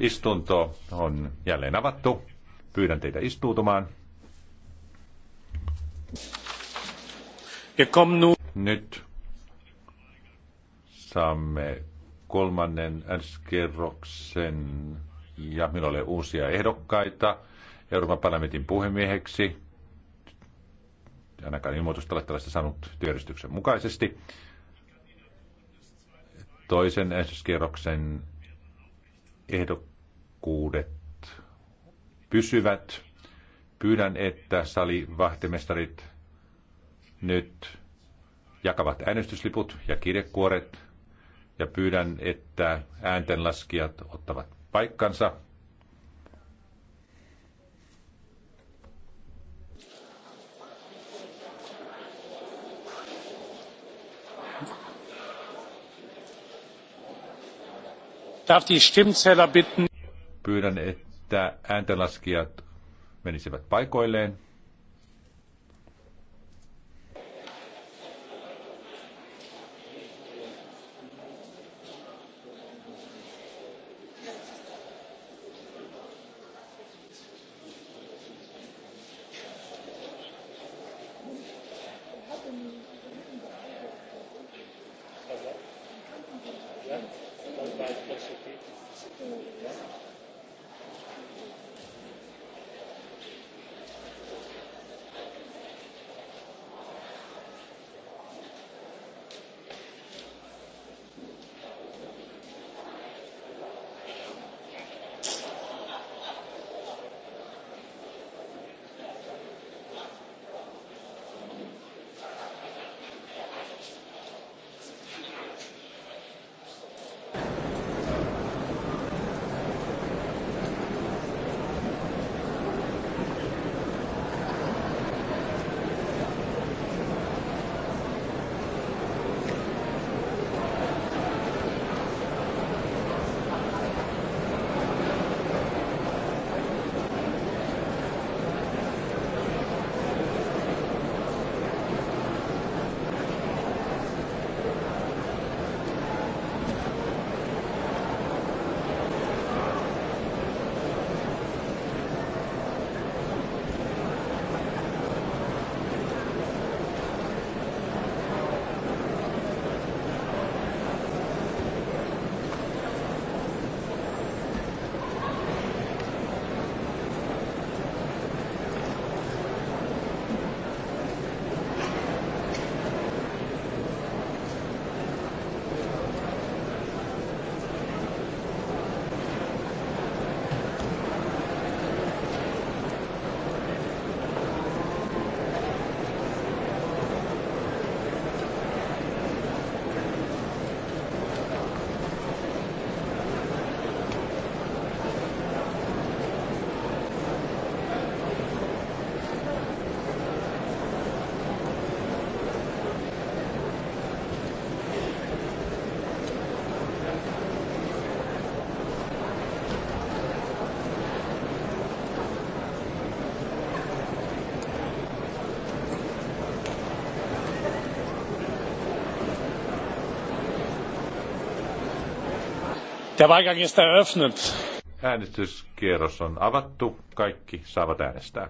Istunto on jälleen avattu. Pyydän teitä istuutumaan. Nyt saamme kolmannen äskerroksen ja minulla oli uusia ehdokkaita Euroopan parlamentin puhemieheksi. Ainakaan ilmoitusta olette tällaista saanut työjärjestyksen mukaisesti. Toisen äskerroksen ehdokkuudet pysyvät. Pyydän, että salivahtimestarit nyt jakavat äänestysliput ja kirjekuoret ja pyydän, että ääntenlaskijat ottavat paikkansa. Pyydän, että ääntenlaskijat menisivät paikoilleen. Der Wahlgang ist eröffnet. Äänestyskierros on avattu. Kaikki saavat äänestää.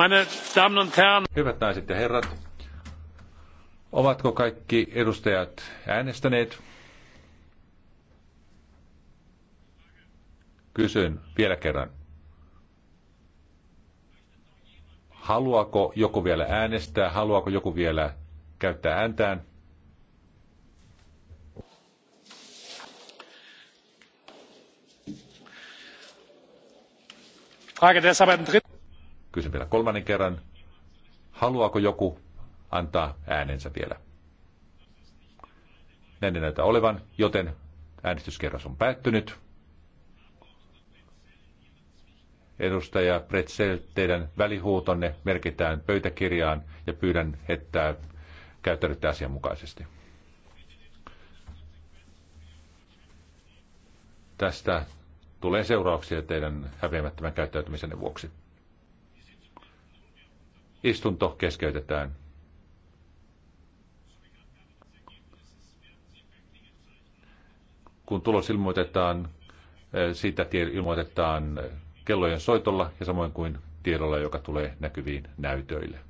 Meine Damen und Herren. Hyvät naiset ja herrat, ovatko kaikki edustajat äänestäneet? Kysyn vielä kerran. Haluaako joku vielä äänestää? Haluaako joku vielä käyttää ääntään? Frage deshalb Kysyn vielä kolmannen kerran. Haluaako joku antaa äänensä vielä? Näin ei näytä olevan, joten äänestyskerros on päättynyt. Edustaja Pretzel, teidän välihuutonne merkitään pöytäkirjaan ja pyydän, että käyttäydytte asianmukaisesti. Tästä tulee seurauksia teidän häviämättömän käyttäytymisenne vuoksi. Istunto keskeytetään. Kun tulos ilmoitetaan, eh, siitä ilmoitetaan kellojen soitolla ja samoin kuin tiedolla, joka tulee näkyviin näytöille.